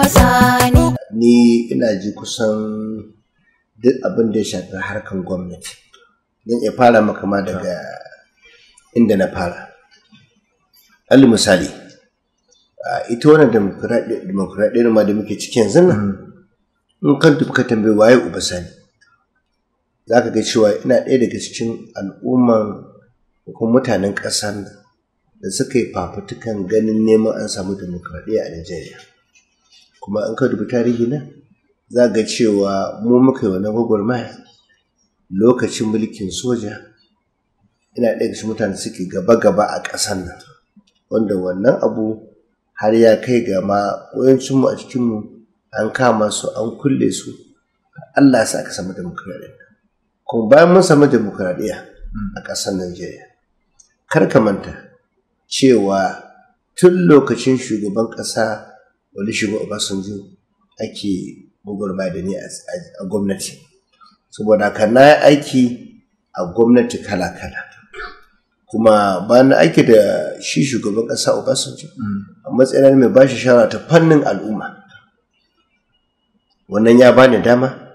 da ni ina ji kusan duk abin da ya shafi harkar gwamnati don ya fara maka ma daga inda na fara alli misali ita wani demokuraɗiyar ma da muke cikin yanzu nan mm. in kan ka tambayi waye uba sani za ka ga cewa ina ɗaya daga cikin al'umman kuma mutanen ƙasar da suka yi fafutukan ganin neman an samu demokradiyya a Najeriya. Kuma an ka dubi tarihi na za ga cewa mu muka yi wannan gwagwarmaya lokacin mulkin soja ina ɗaya daga cikin mutane suke gaba-gaba a ƙasar nan wanda wannan abu har ya kai ga ma mu a cikinmu an kama su an kulle su Allah sa aka samu demokradiyya. kuma bayan mun samu demokuraɗiyya hmm. a ƙasar najeriya kar ka manta cewa tun lokacin shugaban ƙasa wani shugaban obasanjo ake gugurma da ni a gwamnati saboda ka na yi aiki a gwamnati kala-kala kuma bayan na aiki da shi shugaban ƙasa obasanjo hmm. a matsayin mai bashi shara ta fannin al'umma wannan ya bani dama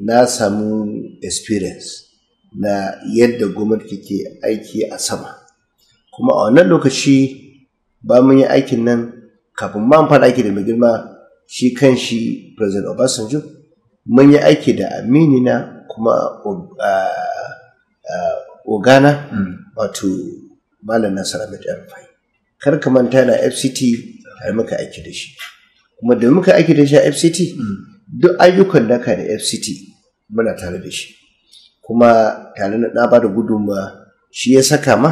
na samu experience na yadda gwamnati ke aiki a sama kuma a wannan lokaci ba mun yi aikin nan kafin ma fara aiki da mai girma shi kan shi president obasanjo mun yi aiki da aminina kuma ah, ah, ogana hmm. wato malam nasara mai kar ka manta na fct har muka aiki da shi kuma da muka aiki da shi a fct hmm. duk ayyukan da ka da fct muna tare da shi kuma tare na ɗa ba da gudunma shi ya saka ma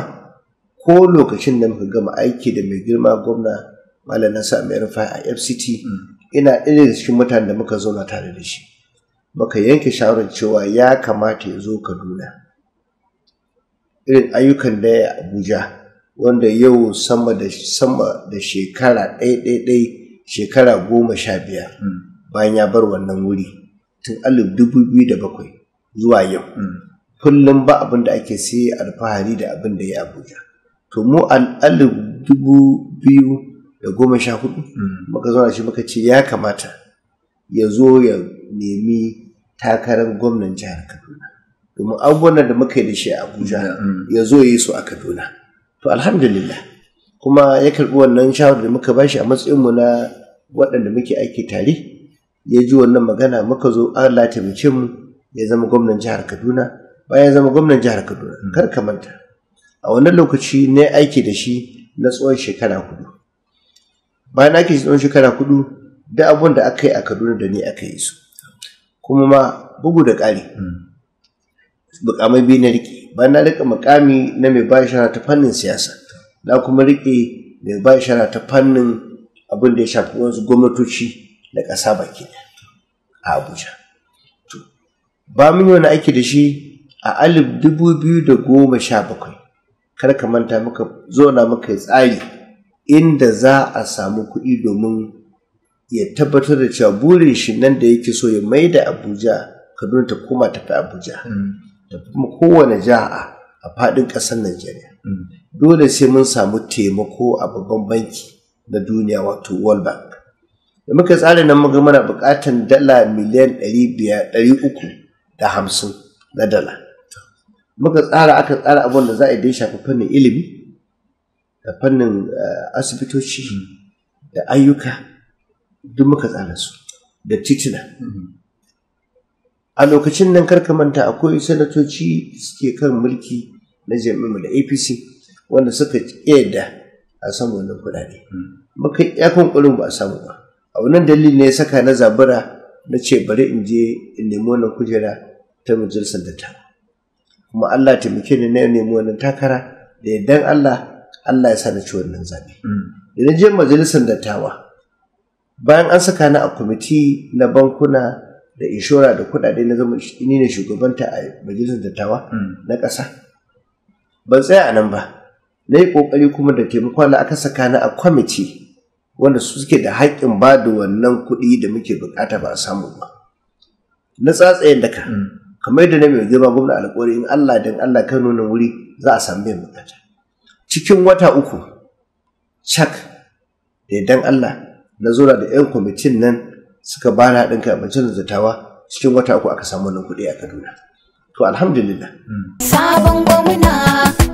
ko lokacin da muka gama aiki da mai girma gwamna malam nasa mai rufa a fct ina ɗaya da cikin mutanen da muka zauna tare da shi muka yanke shawarar cewa ya kamata ya zo kaduna irin ayyukan da ya abuja wanda yau sama da sama shekara ɗai-ɗai-ɗai shekara goma sha biyar bayan ya bar wannan wuri tun alif dubu biyu da bakwai zuwa yau mm. kullum ba abin da ake sai alfahari da abin da ya abuja to mu an alif dubu biyu da goma sha hudu mm. muka zauna shi muka ce ya kamata ya zo ya nemi takarar gwamnan jihar kaduna domin abubuwan da muka yi da shi a abuja mm. ya zo ya yi su a kaduna to alhamdulillah kuma ya karɓi wannan shawar da muka bashi a matsayinmu na waɗanda muke aiki tare ya ji wannan magana muka zo Allah taimake mu ya zama gwamnan jihar Kaduna bayan zama gwamnan jihar Kaduna kar ka manta a wannan lokaci ne aiki da shi na tsawon shekara hudu bayan aiki tsawon shekara hudu da abun da aka yi a Kaduna da ni aka yi su kuma ma bugu da ƙari mukamai biyu na riƙe bayan na riƙe mukami na mai bayan shara ta fannin siyasa na kuma riƙe mai bayan shara ta fannin abin da ya shafi wasu gwamnatoci da ƙasa baki a abuja ba mun yi wani aiki da shi a alif dubu biyu da goma sha bakwai kar ka manta muka zona muka yi tsari inda za a samu kuɗi domin ya tabbatar da cewa burin shi nan da yake so ya mai da abuja kaduna ta koma tafi abuja mm. da kuma kowane jaha a faɗin ƙasar najeriya mm. dole sai mun samu taimako a babban banki na duniya wato world bank da muka tsara nan muga mana bukatan dala miliyan ɗari da hamsin na dala muka tsara aka tsara abin da za a dai shafi fannin ilimi da fannin eh, asibitoci da ayyuka duk muka tsara su da titina a lokacin nan karka manta akwai sanatoci suke kan mulki na jami'u da apc wanda suka ƙeda a samu wannan kudade. muka iyakan ƙurin ba a samu ba a wannan dalili ne ya saka na zabura na ce bari in je in nemi wannan kujera ta majalisar ta. kuma Allah taimake ni na nemi wannan takara da yardan Allah Allah ya sa na ci wannan zabe mm. da na je majalisar dattawa bayan an saka ni a kwamiti na bankuna da inshora da kudade na zama ni ne shugabanta a majalisar dattawa mm. na ƙasa ban tsaya a nan ba na yi ƙoƙari kuma da taimakon da aka saka ni a kwamiti wanda su suke da haƙƙin ba da wannan kuɗi da muke bukata ba a samu ba na tsatsayen daka hmm. kamar yadda na mai girma gwamna alƙawari in Allah dan Allah kan nuna wuri za a samu biyan buƙata cikin wata uku cak da dan Allah na zura da 'yan kwamitin nan suka ba na haɗin kai abincin zattawa cikin wata uku aka samu wannan kuɗi a Kaduna to alhamdulillah hmm. sabon gwamna